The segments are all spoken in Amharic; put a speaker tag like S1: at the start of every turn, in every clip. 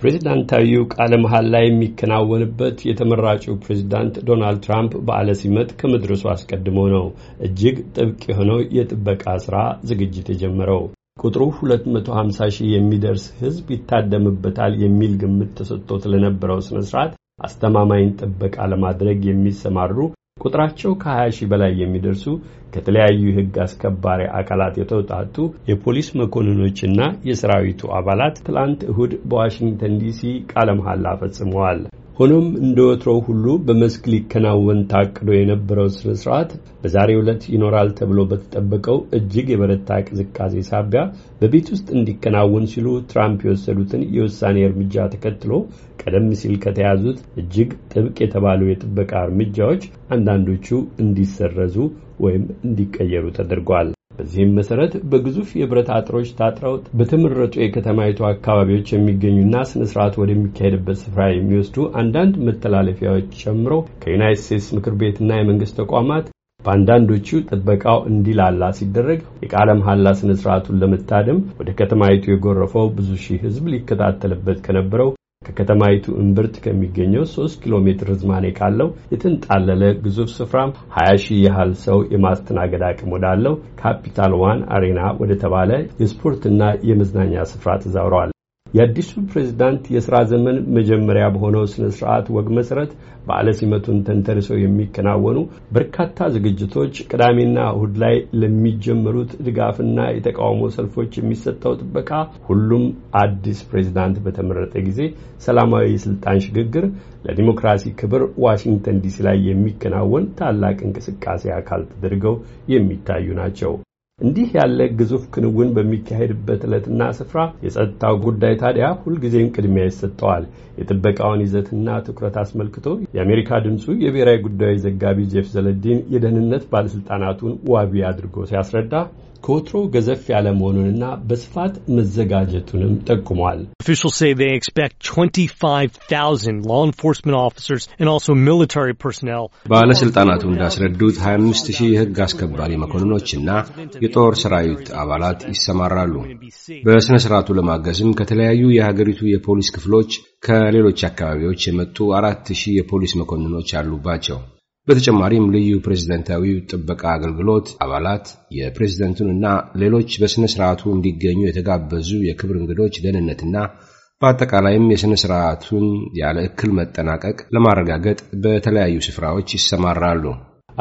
S1: ፕሬዚዳንታዊው ቃለ መሀል ላይ የሚከናወንበት የተመራጩ ፕሬዚዳንት ዶናልድ ትራምፕ በዓለ ሲመት ከመድረሱ አስቀድሞ ነው እጅግ ጥብቅ የሆነው የጥበቃ ስራ ዝግጅት የጀመረው። ቁጥሩ 250 ሺህ የሚደርስ ሕዝብ ይታደምበታል የሚል ግምት ተሰጥቶት ለነበረው ስነ ስርዓት አስተማማኝ ጥበቃ ለማድረግ የሚሰማሩ ቁጥራቸው ከ20 ሺህ በላይ የሚደርሱ ከተለያዩ የሕግ አስከባሪ አካላት የተውጣጡ የፖሊስ መኮንኖችና የሰራዊቱ አባላት ትላንት እሁድ በዋሽንግተን ዲሲ ቃለ መሐላ ፈጽመዋል። ሆኖም እንደ ወትሮው ሁሉ በመስክ ሊከናወን ታቅዶ የነበረው ስነ ስርዓት በዛሬው ዕለት ይኖራል ተብሎ በተጠበቀው እጅግ የበረታ ቅዝቃዜ ሳቢያ በቤት ውስጥ እንዲከናወን ሲሉ ትራምፕ የወሰዱትን የውሳኔ እርምጃ ተከትሎ ቀደም ሲል ከተያዙት እጅግ ጥብቅ የተባሉ የጥበቃ እርምጃዎች አንዳንዶቹ እንዲሰረዙ ወይም እንዲቀየሩ ተደርጓል። በዚህም መሰረት በግዙፍ የብረት አጥሮች ታጥረው በተመረጡ የከተማይቱ አካባቢዎች የሚገኙና ስነስርዓት ወደሚካሄድበት ስፍራ የሚወስዱ አንዳንድ መተላለፊያዎች ጨምሮ ከዩናይት ስቴትስ ምክር ቤትና የመንግስት ተቋማት በአንዳንዶቹ ጥበቃው እንዲላላ ሲደረግ የቃለ መሐላ ስነ ስርዓቱን ለመታደም ወደ ከተማይቱ የጎረፈው ብዙ ሺህ ህዝብ ሊከታተልበት ከነበረው ከከተማይቱ እምብርት ከሚገኘው ሶስት ኪሎ ሜትር ርዝማኔ ካለው የተንጣለለ ግዙፍ ስፍራም 20 ሺህ ያህል ሰው የማስተናገድ አቅም ወዳለው ካፒታል ዋን አሬና ወደ ተባለ የስፖርትና የመዝናኛ ስፍራ ተዛውረዋል። የአዲሱ ፕሬዝዳንት የስራ ዘመን መጀመሪያ በሆነው ስነ ስርዓት ወግ መሰረት በዓለ ሲመቱን ተንተርሰው የሚከናወኑ በርካታ ዝግጅቶች ቅዳሜና እሁድ ላይ ለሚጀመሩት ድጋፍና የተቃውሞ ሰልፎች የሚሰጠው ጥበቃ ሁሉም አዲስ ፕሬዝዳንት በተመረጠ ጊዜ ሰላማዊ የስልጣን ሽግግር ለዲሞክራሲ ክብር ዋሽንግተን ዲሲ ላይ የሚከናወን ታላቅ እንቅስቃሴ አካል ተደርገው የሚታዩ ናቸው። እንዲህ ያለ ግዙፍ ክንውን በሚካሄድበት ዕለትና ስፍራ የጸጥታው ጉዳይ ታዲያ ሁልጊዜም ቅድሚያ ይሰጠዋል። የጥበቃውን ይዘትና ትኩረት አስመልክቶ የአሜሪካ ድምፁ የብሔራዊ ጉዳዮች ዘጋቢ ጄፍ ዘለዲን የደህንነት ባለሥልጣናቱን ዋቢ አድርጎ ሲያስረዳ ከወትሮ ገዘፍ ያለ መሆኑንና በስፋት መዘጋጀቱንም ጠቁሟል።
S2: ባለስልጣናቱ እንዳስረዱት 25 ሺህ የሕግ አስከባሪ መኮንኖችና የጦር ሰራዊት አባላት ይሰማራሉ። በሥነ ሥርዓቱ ለማገዝም ከተለያዩ የሀገሪቱ የፖሊስ ክፍሎች ከሌሎች አካባቢዎች የመጡ አራት ሺህ የፖሊስ መኮንኖች አሉባቸው። በተጨማሪም ልዩ ፕሬዝደንታዊው ጥበቃ አገልግሎት አባላት የፕሬዝደንቱንና ሌሎች በሥነ ሥርዓቱ እንዲገኙ የተጋበዙ የክብር እንግዶች ደህንነትና በአጠቃላይም የሥነ ሥርዓቱን ያለ እክል መጠናቀቅ ለማረጋገጥ በተለያዩ ስፍራዎች ይሰማራሉ።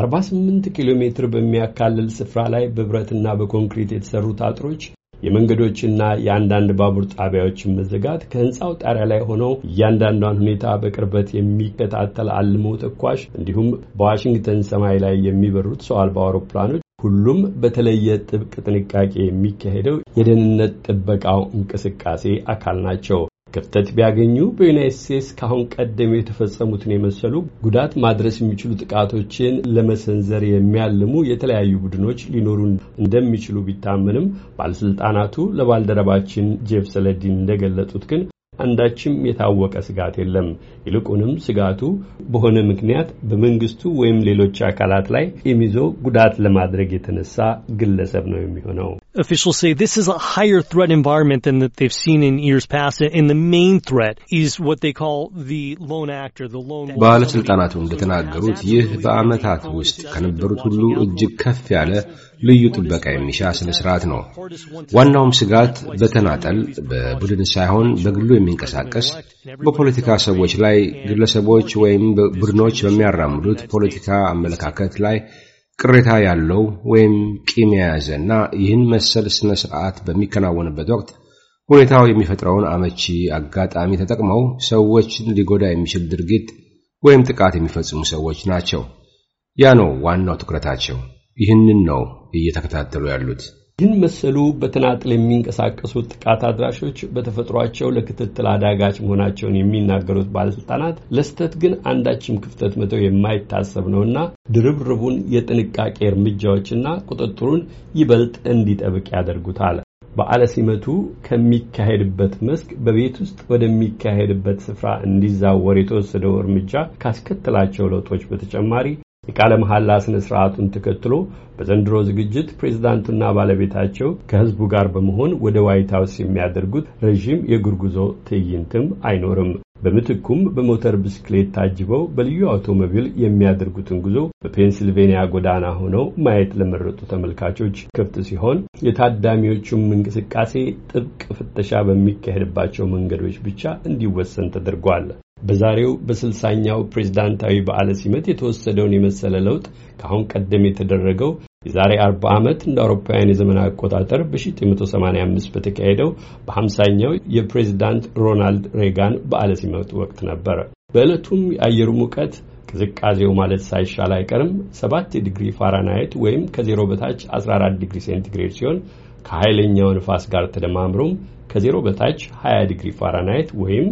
S1: 48 ኪሎ ሜትር በሚያካልል ስፍራ ላይ በብረትና በኮንክሪት የተሰሩ አጥሮች የመንገዶችና የአንዳንድ ባቡር ጣቢያዎችን መዘጋት ከህንፃው ጣሪያ ላይ ሆነው እያንዳንዷን ሁኔታ በቅርበት የሚከታተል አልሞ ተኳሽ እንዲሁም በዋሽንግተን ሰማይ ላይ የሚበሩት ሰው አልባ አውሮፕላኖች ሁሉም በተለየ ጥብቅ ጥንቃቄ የሚካሄደው የደህንነት ጥበቃው እንቅስቃሴ አካል ናቸው። ክፍተት ቢያገኙ በዩናይት ስቴትስ ከአሁን ቀደም የተፈጸሙትን የመሰሉ ጉዳት ማድረስ የሚችሉ ጥቃቶችን ለመሰንዘር የሚያልሙ የተለያዩ ቡድኖች ሊኖሩ እንደሚችሉ ቢታመንም ባለስልጣናቱ ለባልደረባችን ጄፍ ሰለዲን እንደገለጹት ግን አንዳችም የታወቀ ስጋት የለም። ይልቁንም ስጋቱ በሆነ ምክንያት በመንግስቱ ወይም ሌሎች አካላት ላይ የሚዞ ጉዳት ለማድረግ የተነሳ ግለሰብ ነው የሚሆነው። officials say this is a higher threat environment than that they've seen in years past, and the main threat is what they call the lone actor, the lone.
S2: ባለስልጣናቱ እንደተናገሩት ይህ በዓመታት ውስጥ ከነበሩት ሁሉ እጅግ ከፍ ያለ ልዩ ጥበቃ የሚሻ ስነ ስርዓት ነው። ዋናውም ስጋት በተናጠል በቡድን ሳይሆን በግሉ የሚንቀሳቀስ በፖለቲካ ሰዎች ላይ ግለሰቦች ወይም ቡድኖች በሚያራምዱት ፖለቲካ አመለካከት ላይ ቅሬታ ያለው ወይም ቂም የያዘ እና ይህን መሰል ስነ ስርዓት በሚከናወንበት ወቅት ሁኔታው የሚፈጥረውን አመቺ አጋጣሚ ተጠቅመው ሰዎችን ሊጎዳ የሚችል ድርጊት ወይም ጥቃት የሚፈጽሙ ሰዎች ናቸው። ያ ነው
S1: ዋናው ትኩረታቸው። ይህንን ነው እየተከታተሉ ያሉት። ይህን መሰሉ በተናጥል የሚንቀሳቀሱ ጥቃት አድራሾች በተፈጥሯቸው ለክትትል አዳጋች መሆናቸውን የሚናገሩት ባለስልጣናት ለስተት ግን አንዳችም ክፍተት መተው የማይታሰብ ነውና ድርብርቡን የጥንቃቄ እርምጃዎችና ቁጥጥሩን ይበልጥ እንዲጠብቅ ያደርጉታል። በዓለ ሲመቱ ከሚካሄድበት መስክ በቤት ውስጥ ወደሚካሄድበት ስፍራ እንዲዛወር የተወሰደው እርምጃ ካስከተላቸው ለውጦች በተጨማሪ የቃለ መሐላ ስነ ስርዓቱን ተከትሎ በዘንድሮ ዝግጅት ፕሬዝዳንቱና ባለቤታቸው ከህዝቡ ጋር በመሆን ወደ ዋይት ሀውስ የሚያደርጉት ረዥም የእግር ጉዞ ትዕይንትም አይኖርም። በምትኩም በሞተር ብስክሌት ታጅበው በልዩ አውቶሞቢል የሚያደርጉትን ጉዞ በፔንሲልቬንያ ጎዳና ሆነው ማየት ለመረጡ ተመልካቾች ክፍት ሲሆን የታዳሚዎቹም እንቅስቃሴ ጥብቅ ፍተሻ በሚካሄድባቸው መንገዶች ብቻ እንዲወሰን ተደርጓል። በዛሬው በስልሳኛው ፕሬዝዳንታዊ በዓለ ሲመት የተወሰደውን የመሰለ ለውጥ ከአሁን ቀደም የተደረገው የዛሬ 40 ዓመት እንደ አውሮፓውያን የዘመን አቆጣጠር በ1985 በተካሄደው በ50ኛው የፕሬዝዳንት ሮናልድ ሬጋን በዓለ ሲመት ወቅት ነበር። በዕለቱም የአየሩ ሙቀት ቅዝቃዜው ማለት ሳይሻል አይቀርም 7 ዲግሪ ፋራናይት ወይም ከዜሮ በታች 14 ዲግሪ ሴንቲግሬድ ሲሆን ከኃይለኛው ንፋስ ጋር ተደማምሮም ከዜሮ በታች 20 ዲግሪ ፋራናይት ወይም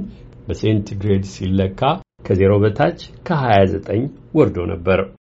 S1: በሴንቲግሬድ ሲለካ ከዜሮ በታች ከ29 ወርዶ ነበር።